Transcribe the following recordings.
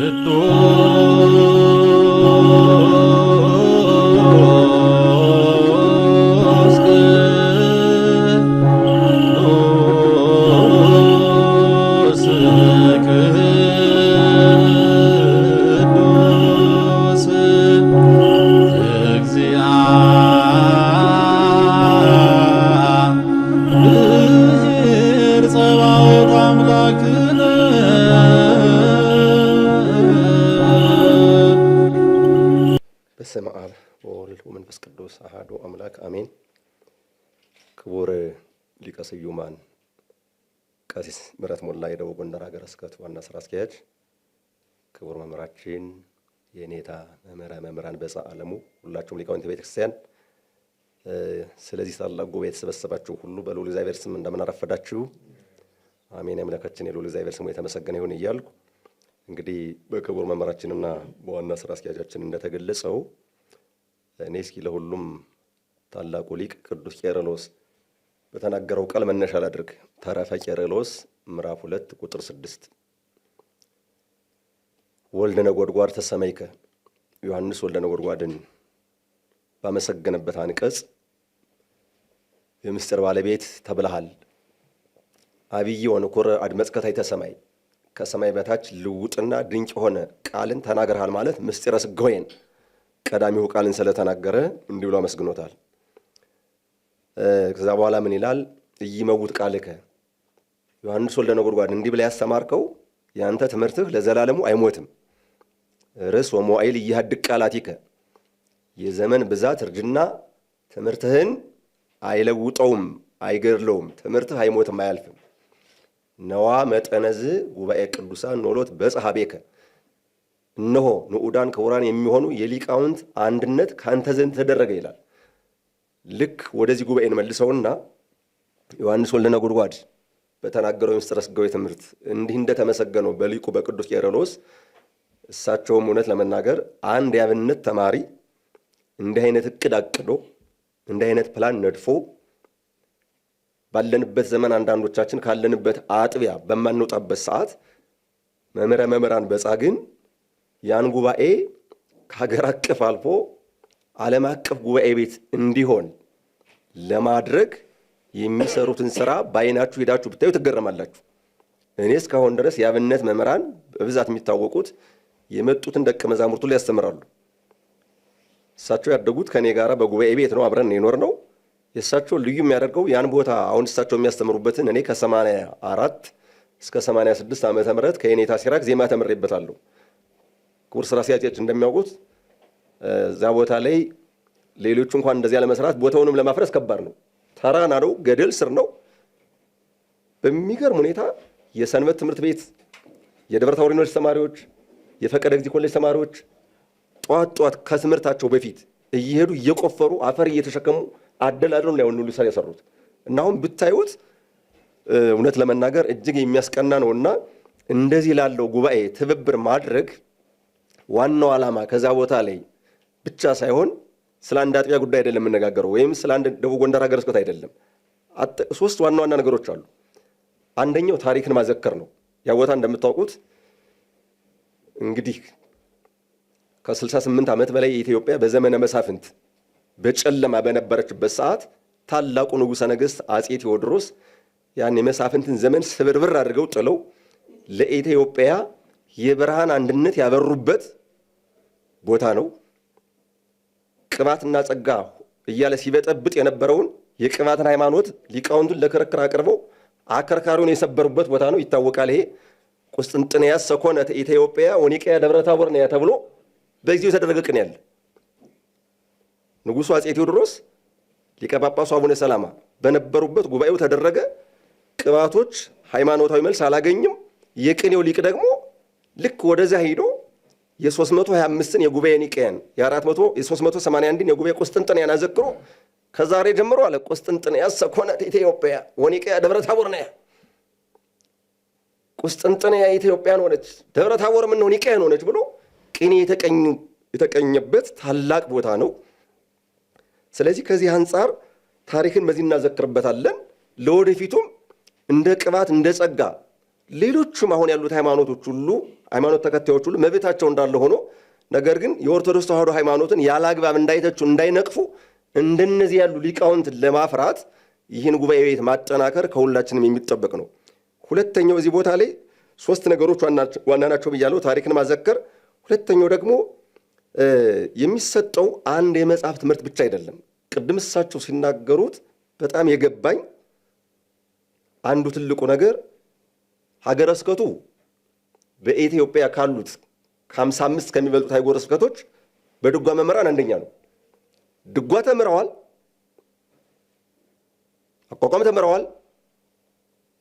ላክነ በስመ አብ ወወልድ ወመንፈስ ቅዱስ አሐዱ አምላክ አሜን። ክቡር ሊቀ ስዩማን ቀሲስ ምህረት ሞላ የደቡብ ጎንደር ሀገረ ስብከት ዋና ስራ አስኪያጅ፣ ክቡር መምህራችን የኔታ መምህረ መምህራን በፃ አለሙ፣ ሁላችሁም ሊቃውንት ቤተክርስቲያን ስለዚህ ታላቅ ጉባኤ የተሰበሰባችሁ ሁሉ በልዑል እግዚአብሔር ስም እንደምን አረፈዳችሁ። አሜን። አምላካችን የልዑል እግዚአብሔር ስሙ የተመሰገነ ይሁን እያልኩ እንግዲህ በክቡር መምህራችንና በዋና ስራ አስኪያጃችን እንደተገለጸው እኔ እስኪ ለሁሉም ታላቁ ሊቅ ቅዱስ ቄርሎስ በተናገረው ቃል መነሻ ላድርግ። ተረፈ ቄርሎስ ምዕራፍ ሁለት ቁጥር ስድስት ወልደ ነጎድጓድ ተሰመይከ ዮሐንስ ወልደ ነጎድጓድን ባመሰገነበት አንቀጽ የምስጢር ባለቤት ተብለሃል አብይ ወንኩር አድመጽከታይ ተሰማይ ሰማይ ከሰማይ በታች ልውጥና ድንቅ የሆነ ቃልን ተናግረሃል ማለት ምስጢረ ስጋዌን ቀዳሚው ቃልን ስለተናገረ እንዲህ ብሎ አመስግኖታል። ከዛ በኋላ ምን ይላል? እይመውት ቃልከ ዮሐንስ ወልደ ነጎድጓድ እንዲህ ብለህ ያስተማርከው የአንተ ትምህርትህ ለዘላለሙ አይሞትም። ርዕስ ወሞዋይል እያድቅ ቃላቲከ የዘመን ብዛት እርጅና ትምህርትህን አይለውጠውም፣ አይገድለውም። ትምህርትህ አይሞትም፣ አያልፍም። ነዋ መጠነዝ ጉባኤ ቅዱሳን ኖሎት በጸሐቤከ እነሆ ንዑዳን ክቡራን የሚሆኑ የሊቃውንት አንድነት ከአንተ ዘንድ ተደረገ ይላል። ልክ ወደዚህ ጉባኤ እንመልሰውና ዮሐንስ ወልደ ነጎድጓድ በተናገረው የምስጢረ ሥጋዌ ትምህርት እንዲህ እንደተመሰገነው በሊቁ በቅዱስ ቄርሎስ እሳቸውም እውነት ለመናገር አንድ የአብነት ተማሪ እንዲህ አይነት እቅድ አቅዶ እንዲህ አይነት ፕላን ነድፎ ባለንበት ዘመን አንዳንዶቻችን ካለንበት አጥቢያ በማንወጣበት ሰዓት መምህረ መምህራን በፃ ግን ያን ጉባኤ ከሀገር አቀፍ አልፎ ዓለም አቀፍ ጉባኤ ቤት እንዲሆን ለማድረግ የሚሰሩትን ስራ በአይናችሁ ሄዳችሁ ብታዩ ትገረማላችሁ። እኔ እስካሁን ድረስ የአብነት መምህራን በብዛት የሚታወቁት የመጡትን ደቀ መዛሙርቱ ላይ ያስተምራሉ። እሳቸው ያደጉት ከእኔ ጋር በጉባኤ ቤት ነው፣ አብረን የኖር ነው የእሳቸው ልዩ የሚያደርገው ያን ቦታ አሁን እሳቸው የሚያስተምሩበትን እኔ ከሰማንያ አራት እስከ 86 ዓመተ ምህረት ከየኔታ ሲራክ ዜማ ተምሬበታለሁ። ክቡር ስራ አስኪያጆች እንደሚያውቁት እዛ ቦታ ላይ ሌሎቹ እንኳን እንደዚያ ለመስራት ቦታውንም ለማፍረስ ከባድ ነው። ተራ ናደው ገደል ስር ነው። በሚገርም ሁኔታ የሰንበት ትምህርት ቤት የደብረ ታቦር ዩኒቨርሲቲ ተማሪዎች፣ የፈቀደ ጊዜ ኮሌጅ ተማሪዎች ጠዋት ጠዋት ከትምህርታቸው በፊት እየሄዱ እየቆፈሩ አፈር እየተሸከሙ አደላድሎ ነው ሁሉ ስራ የሰሩት እና አሁን ብታዩት እውነት ለመናገር እጅግ የሚያስቀና ነው እና እንደዚህ ላለው ጉባኤ ትብብር ማድረግ ዋናው ዓላማ ከዛ ቦታ ላይ ብቻ ሳይሆን ስለ አንድ አጥቢያ ጉዳይ አይደለም የምነጋገረው ወይም ስለ አንድ ደቡብ ጎንደር ሀገረ ስብከት አይደለም። ሶስት ዋና ዋና ነገሮች አሉ። አንደኛው ታሪክን ማዘከር ነው። ያ ቦታ እንደምታውቁት እንግዲህ ከ68 ዓመት በላይ የኢትዮጵያ በዘመነ መሳፍንት በጨለማ በነበረችበት ሰዓት ታላቁ ንጉሠ ነገሥት አጼ ቴዎድሮስ ያን የመሳፍንትን ዘመን ስብርብር አድርገው ጥለው ለኢትዮጵያ የብርሃን አንድነት ያበሩበት ቦታ ነው። ቅባትና ጸጋ እያለ ሲበጠብጥ የነበረውን የቅባትን ሃይማኖት ሊቃውንቱን ለክርክር አቅርበው አከርካሪውን የሰበሩበት ቦታ ነው። ይታወቃል። ይሄ ቁስጥንጥንያስ ሰኮነ ኢትዮጵያ ወኒቅያ ደብረ ታቦር ነው ተብሎ በጊዜው የተደረገ ቅን ያለ ንጉሱ አጼ ቴዎድሮስ ሊቀ ጳጳሱ አቡነ ሰላማ በነበሩበት ጉባኤው ተደረገ። ቅባቶች ሃይማኖታዊ መልስ አላገኝም። የቅኔው ሊቅ ደግሞ ልክ ወደዚያ ሄዶ የ325ን የጉባኤ ኒቅያን የ381ን የጉባኤ ቁስጥንጥንያን አዘክሮ ከዛሬ ጀምሮ አለ ቁስጥንጥንያስ ሰኮነ ኢትዮጵያ ወኒቅያ ደብረ ታቦር ነያ ቁስጥንጥንያ ኢትዮጵያን ሆነች፣ ደብረ ታቦር ምነው ኒቅያን ሆነች ብሎ ቅኔ የተቀኙ የተቀኘበት ታላቅ ቦታ ነው። ስለዚህ ከዚህ አንጻር ታሪክን በዚህ እናዘክርበታለን። ለወደፊቱም እንደ ቅባት እንደ ጸጋ ሌሎቹም አሁን ያሉት ሃይማኖቶች ሁሉ ሃይማኖት ተከታዮች ሁሉ መብታቸው እንዳለ ሆኖ ነገር ግን የኦርቶዶክስ ተዋሕዶ ሃይማኖትን ያለ አግባብ እንዳይተቹ እንዳይነቅፉ እንደነዚህ ያሉ ሊቃውንት ለማፍራት ይህን ጉባኤ ቤት ማጠናከር ከሁላችንም የሚጠበቅ ነው። ሁለተኛው እዚህ ቦታ ላይ ሶስት ነገሮች ዋና ናቸው ብያለው፣ ታሪክን ማዘከር፣ ሁለተኛው ደግሞ የሚሰጠው አንድ የመጽሐፍ ትምህርት ብቻ አይደለም። ቅድም እሳቸው ሲናገሩት በጣም የገባኝ አንዱ ትልቁ ነገር ሀገረ ስብከቱ በኢትዮጵያ ካሉት ከሀምሳ አምስት ከሚበልጡት ሀገረ ስብከቶች በድጓ መምህራን አንደኛ ነው። ድጓ ተምረዋል፣ አቋቋም ተምረዋል።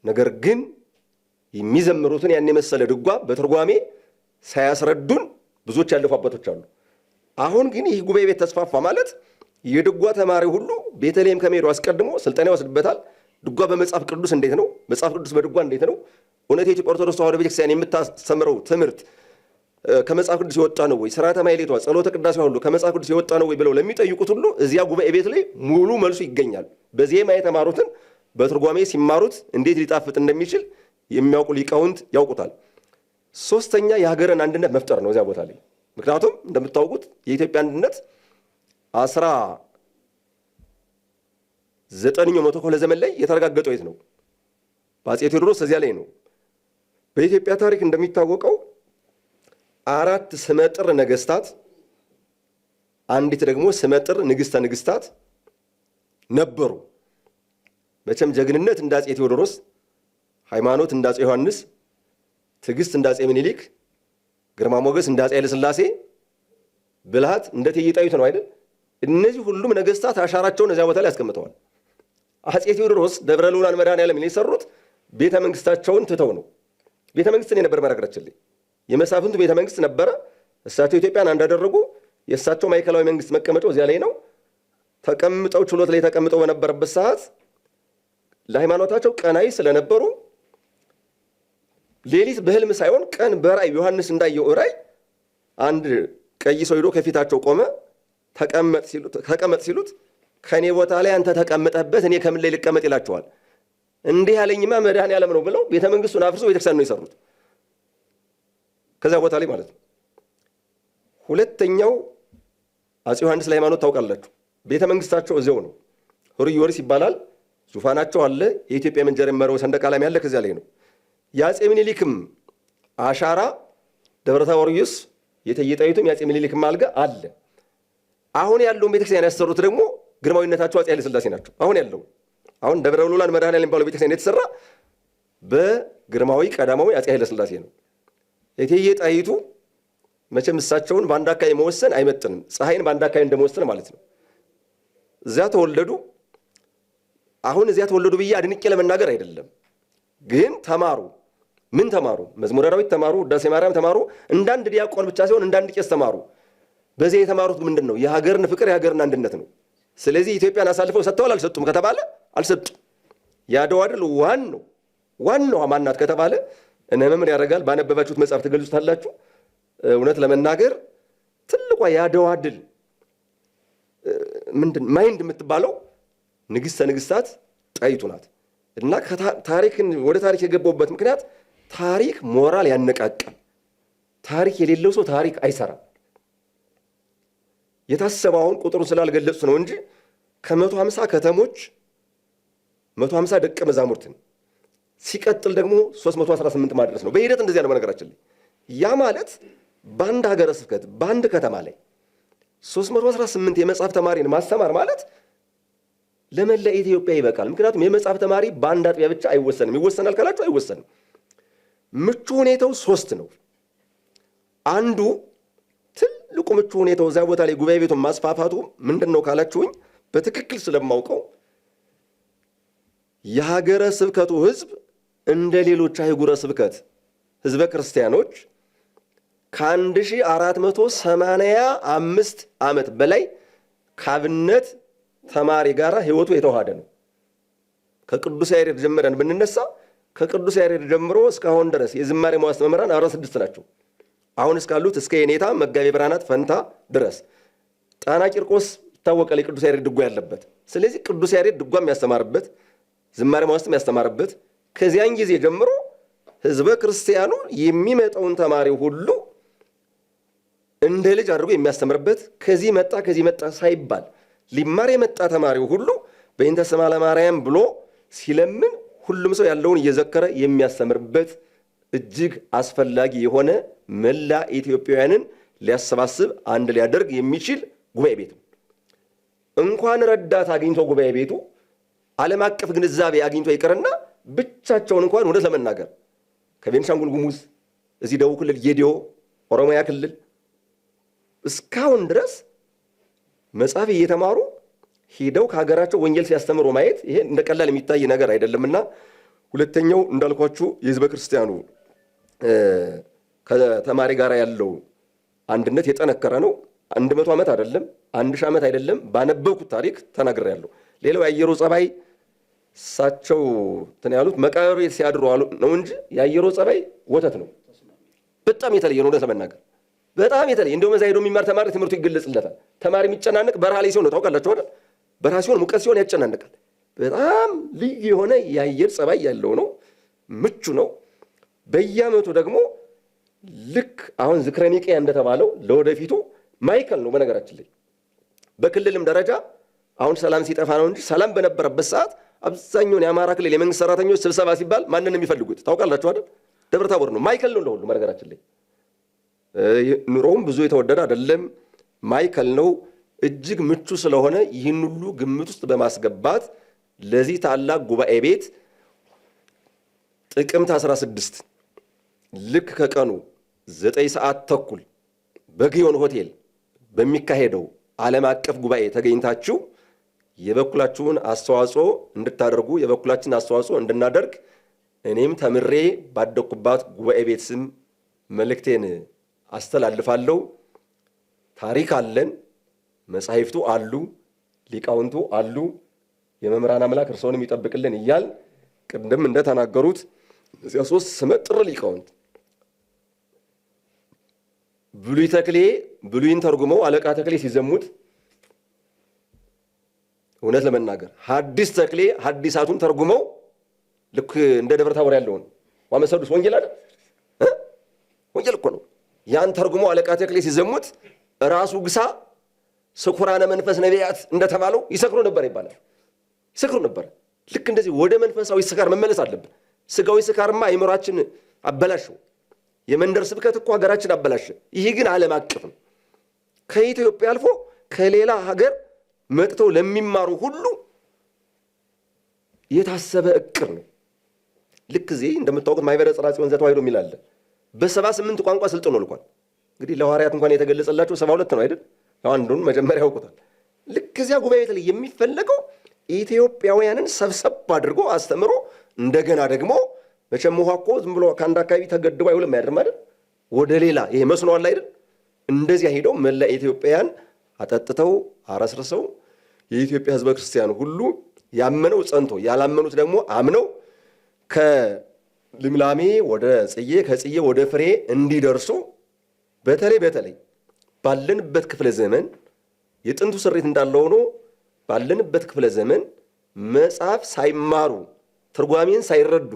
ነገር ግን የሚዘምሩትን ያን የመሰለ ድጓ በትርጓሜ ሳያስረዱን ብዙዎች ያለፉ አባቶች አሉ። አሁን ግን ይህ ጉባኤ ቤት ተስፋፋ ማለት የድጓ ተማሪ ሁሉ ቤተልሔም ከመሄዱ አስቀድሞ ስልጠና ይወስድበታል። ድጓ በመጽሐፍ ቅዱስ እንዴት ነው? መጽሐፍ ቅዱስ በድጓ እንዴት ነው? እውነት የኢትዮጵያ ኦርቶዶክስ ተዋሕዶ ቤተክርስቲያን የምታስተምረው ትምህርት ከመጽሐፍ ቅዱስ የወጣ ነው ወይ? ስርዓተ ማሕሌቷ፣ ጸሎተ ቅዳሴ ሁሉ ከመጽሐፍ ቅዱስ የወጣ ነው ወይ ብለው ለሚጠይቁት ሁሉ እዚያ ጉባኤ ቤት ላይ ሙሉ መልሱ ይገኛል። በዜማ የተማሩትን በትርጓሜ ሲማሩት እንዴት ሊጣፍጥ እንደሚችል የሚያውቁ ሊቃውንት ያውቁታል። ሶስተኛ የሀገርን አንድነት መፍጠር ነው እዚያ ቦታ ላይ ምክንያቱም እንደምታውቁት የኢትዮጵያ አንድነት አስራ ዘጠነኛው መቶ ክፍለ ዘመን ላይ የተረጋገጠ የት ነው? በአፄ ቴዎድሮስ እዚያ ላይ ነው። በኢትዮጵያ ታሪክ እንደሚታወቀው አራት ስመጥር ነገስታት፣ አንዲት ደግሞ ስመጥር ንግስተ ንግስታት ነበሩ። መቼም ጀግንነት እንደ አፄ ቴዎድሮስ፣ ሃይማኖት እንደ አፄ ዮሐንስ፣ ትዕግስት እንደ አፄ ምኒልክ ግርማ ሞገስ እንደ አፄ ኃይለ ብልሃት እንደ እቴጌ ጣይቱ ነው አይደል? እነዚህ ሁሉም ነገስታት አሻራቸውን እዚያ ቦታ ላይ ያስቀምጠዋል። አፄ ቴዎድሮስ ደብረ ልዑላን መድኃኔዓለምን የሰሩት ቤተ መንግስታቸውን ትተው ነው። ቤተ መንግስትን የነበር ነበር መራግራችልኝ የመሳፍንቱ ቤተ መንግስት ነበረ። እሳቸው ኢትዮጵያን እንዳደረጉ የእሳቸው ማዕከላዊ መንግስት መቀመጫው እዚያ ላይ ነው። ተቀምጠው ችሎት ላይ ተቀምጠው በነበረበት ሰዓት ለሃይማኖታቸው ቀናይ ስለነበሩ ሌሊት በህልም ሳይሆን ቀን በራይ ዮሐንስ እንዳየው ራይ አንድ ቀይ ሰው ሄዶ ከፊታቸው ቆመ። ተቀመጥ ሲሉት ከእኔ ቦታ ላይ አንተ ተቀምጠበት እኔ ከምን ላይ ልቀመጥ ይላቸዋል። እንዲህ ያለኝማ መድኃኔ ዓለም ነው ብለው ቤተ መንግስቱን አፍርሶ ቤተክርስቲያን ነው የሰሩት። ከዚያ ቦታ ላይ ማለት ነው። ሁለተኛው አጼ ዮሐንስ ለሃይማኖት ታውቃላችሁ። ቤተ መንግስታቸው እዚያው ነው። ሁርዮርስ ይባላል። ዙፋናቸው አለ። የኢትዮጵያ መንጀር የመረው ሰንደቅ ዓላማ ያለ ከዚያ ላይ ነው። የአጼ ምኒልክም አሻራ ደብረ ታቦርዮስ የተየጣዩትም የአጼ ምኒልክም አልጋ አለ። አሁን ያለውን ቤተክርስቲያን ያሰሩት ደግሞ ግርማዊነታቸው አጼ ስላሴ ናቸው። አሁን ያለው አሁን ደብረ ሉላን መድኃኔዓለም የሚባለው ቤተክርስቲያን የተሰራ በግርማዊ ቀዳማዊ አጼ ስላሴ ነው። የተየጣይቱ መቼም እሳቸውን በአንድ አካባቢ መወሰን አይመጥንም። ፀሐይን በአንድ አካባቢ እንደመወሰን ማለት ነው። እዚያ ተወለዱ። አሁን እዚያ ተወለዱ ብዬ አድንቄ ለመናገር አይደለም። ግን ተማሩ። ምን ተማሩ? መዝሙረ ዳዊት ተማሩ፣ ውዳሴ ማርያም ተማሩ። እንዳንድ ዲያቆን ብቻ ሳይሆን እንዳንድ ቄስ ተማሩ። በዚህ የተማሩት ምንድን ነው? የሀገርን ፍቅር የሀገርን አንድነት ነው። ስለዚህ ኢትዮጵያን አሳልፈው ሰጥተዋል አልሰጡም ከተባለ አልሰጡም። የአድዋ ድል ዋን ዋናዋ ማናት ከተባለ እነ መምህር ያደርጋል ባነበባችሁት መጽሐፍ ትገልጹታላችሁ። እውነት ለመናገር ትልቋ የአድዋ ድል ምንድን ማይንድ የምትባለው ንግሥተ ንግሥታት ጣይቱ ናት። እና ታሪክን ወደ ታሪክ የገባውበት ምክንያት ታሪክ ሞራል ያነቃቃል። ታሪክ የሌለው ሰው ታሪክ አይሰራም። የታሰበውን ቁጥሩን ስላልገለጹት ነው እንጂ ከመቶ ሀምሳ ከተሞች መቶ ሀምሳ ደቀ መዛሙርትን ሲቀጥል ደግሞ 318 ማድረስ ነው። በሂደት እንደዚያ ነው። በነገራችን ላይ ያ ማለት በአንድ ሀገረ ስብከት በአንድ ከተማ ላይ 318 የመጽሐፍ ተማሪን ማስተማር ማለት ለመላ ኢትዮጵያ ይበቃል። ምክንያቱም የመጽሐፍ ተማሪ በአንድ አጥቢያ ብቻ አይወሰንም። ይወሰናል ካላችሁ አይወሰንም። ምቹ ሁኔታው ሶስት ነው። አንዱ ትልቁ ምቹ ሁኔታው እዚያ ቦታ ላይ ጉባኤ ቤቱን ማስፋፋቱ ምንድን ነው ካላችሁኝ በትክክል ስለማውቀው የሀገረ ስብከቱ ህዝብ እንደ ሌሎች አህጉረ ስብከት ህዝበ ክርስቲያኖች ከ1485 ዓመት በላይ ካብነት ተማሪ ጋር ህይወቱ የተዋሃደ ነው። ከቅዱስ ያሬድ ጀምረን ብንነሳ ከቅዱስ ያሬድ ጀምሮ እስካሁን ድረስ የዝማሬ መዋሥዕት መምህራን ስድስት ናቸው። አሁን እስካሉት እስከ የኔታ መጋቤ ብርሃናት ፈንታ ድረስ ጣና ቂርቆስ ይታወቃል፣ የቅዱስ ያሬድ ድጓ ያለበት። ስለዚህ ቅዱስ ያሬድ ድጓ የሚያስተማርበት ዝማሬ መዋሥዕት የሚያስተማርበት ከዚያን ጊዜ ጀምሮ ህዝበ ክርስቲያኑ የሚመጣውን ተማሪ ሁሉ እንደ ልጅ አድርጎ የሚያስተምርበት ከዚህ መጣ ከዚህ መጣ ሳይባል ሊማር የመጣ ተማሪው ሁሉ በእንተ ስማ ለማርያም ብሎ ሲለምን ሁሉም ሰው ያለውን እየዘከረ የሚያስተምርበት እጅግ አስፈላጊ የሆነ መላ ኢትዮጵያውያንን ሊያሰባስብ አንድ ሊያደርግ የሚችል ጉባኤ ቤት ነው። እንኳን ረዳት አግኝቶ ጉባኤ ቤቱ ዓለም አቀፍ ግንዛቤ አግኝቶ ይቅርና ብቻቸውን እንኳን እውነት ለመናገር ከቤንሻንጉል ጉሙዝ እዚህ ደቡብ ክልል፣ ጌዲዮ፣ ኦሮሚያ ክልል እስካሁን ድረስ መጽሐፍ እየተማሩ ሄደው ከሀገራቸው ወንጌል ሲያስተምሩ ማየት ይሄ እንደ ቀላል የሚታይ ነገር አይደለምና፣ ሁለተኛው እንዳልኳችሁ የህዝበ ክርስቲያኑ ከተማሪ ጋር ያለው አንድነት የጠነከረ ነው። አንድ መቶ ዓመት አይደለም፣ አንድ ሺህ ዓመት አይደለም፣ ባነበብኩት ታሪክ ያለው ሌላው የአየሩ ጸባይ እሳቸው እንትን ያሉት መቃብር ቤት ሲያድሩ ነው እንጂ የአየሩ ጸባይ ወተት ነው። በጣም የተለየ ነው ለመናገር በጣም የተለየ እንደው መዛ ሄዶ የሚማር ተማሪ ትምህርቱ ይገለጽለታል። ተማሪ የሚጨናነቅ በረሃ ላይ ሲሆን ነው ታውቃላችሁ አይደል? በረሃ ሲሆን ሙቀት ሲሆን ያጨናነቃል። በጣም ልዩ የሆነ የአየር ጸባይ ያለው ነው፣ ምቹ ነው። በየአመቱ ደግሞ ልክ አሁን ዝክረ ኒቅያ እንደተባለው ለወደፊቱ ማይከል ነው። በነገራችን ላይ በክልልም ደረጃ አሁን ሰላም ሲጠፋ ነው እንጂ ሰላም በነበረበት ሰዓት አብዛኛውን የአማራ ክልል የመንግስት ሰራተኞች ስብሰባ ሲባል ማንን የሚፈልጉት? ታውቃላችሁ አይደል? ደብረ ታቦር ነው። ማይከል ነው ለሁሉ በነገራችን ላይ ኑሮውም ብዙ የተወደደ አይደለም፣ ማይከል ነው። እጅግ ምቹ ስለሆነ ይህን ሁሉ ግምት ውስጥ በማስገባት ለዚህ ታላቅ ጉባኤ ቤት ጥቅምት 16 ልክ ከቀኑ ዘጠኝ ሰዓት ተኩል በግዮን ሆቴል በሚካሄደው ዓለም አቀፍ ጉባኤ ተገኝታችሁ የበኩላችሁን አስተዋጽኦ እንድታደርጉ የበኩላችን አስተዋጽኦ እንድናደርግ እኔም ተምሬ ባደኩባት ጉባኤ ቤት ስም መልእክቴን አስተላልፋለሁ። ታሪክ አለን፣ መጻሕፍቱ አሉ፣ ሊቃውንቱ አሉ። የመምህራን አምላክ እርስዎንም ይጠብቅልን እያል ቅድም እንደተናገሩት እዚያ ሶስት ስመጥር ሊቃውንት ብሉይ ተክሌ ብሉይን ተርጉመው አለቃ ተክሌ ሲዘሙት እውነት ለመናገር ሐዲስ ተክሌ ሐዲሳቱን ተርጉመው ልክ እንደ ደብረ ታቦር ያለውን ዋመሰዱስ ወንጌል አይደል? ወንጌል እኮ ነው። ያን ተርጉሞ አለቃ ተክሌ ሲዘሙት ራሱ ግሳ ስኩራነ መንፈስ ነቢያት እንደተባለው ይሰክሩ ነበር ይባላል። ይሰክሩ ነበር። ልክ እንደዚህ ወደ መንፈሳዊ ስካር መመለስ አለብን። ስጋዊ ስካርማ አይምሯችን አበላሸው። የመንደር ስብከት እኮ ሀገራችን አበላሸ። ይህ ግን ዓለም አቀፍ ነው። ከኢትዮጵያ አልፎ ከሌላ ሀገር መጥተው ለሚማሩ ሁሉ የታሰበ እቅር ነው። ልክ እዚህ እንደምታወቁት ማህበረ ጽራጽዮን ዘተዋሕዶ የሚል አለ። በሰባ ስምንት ቋንቋ ስልጥኖ ልኳል። እንግዲህ ለሐዋርያት እንኳን የተገለጸላቸው ሰባ ሁለት ነው አይደል? አሁን መጀመሪያ ያውቁታል። ልክ እዚያ ጉባኤ ላይ የሚፈለገው ኢትዮጵያውያንን ሰብሰብ አድርጎ አስተምሮ እንደገና ደግሞ መቼም ውሃ እኮ ዝም ብሎ ከአንድ አካባቢ ተገድቦ አይውልም አያድርም አይደል? ወደ ሌላ ይሄ መስኖ አለ አይደል? እንደዚያ ሄደው መላ ኢትዮጵያውያን አጠጥተው አረስርሰው የኢትዮጵያ ሕዝበ ክርስቲያን ሁሉ ያመነው ጸንቶ ያላመኑት ደግሞ አምነው ልምላሜ ወደ ጽዬ ከጽዬ ወደ ፍሬ እንዲደርሱ በተለይ በተለይ ባለንበት ክፍለ ዘመን የጥንቱ ስሪት እንዳለ ሆኖ ባለንበት ክፍለ ዘመን መጽሐፍ ሳይማሩ ትርጓሜን ሳይረዱ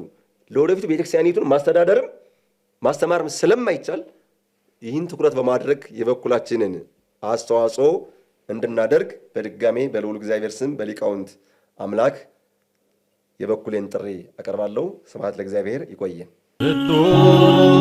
ለወደፊቱ ቤተክርስቲያኒቱን ማስተዳደርም ማስተማርም ስለማይቻል ይህን ትኩረት በማድረግ የበኩላችንን አስተዋጽኦ እንድናደርግ በድጋሜ በልዑል እግዚአብሔር ስም በሊቃውንት አምላክ የበኩሌን ጥሪ አቀርባለሁ። ስብሐት ለእግዚአብሔር። ይቆየ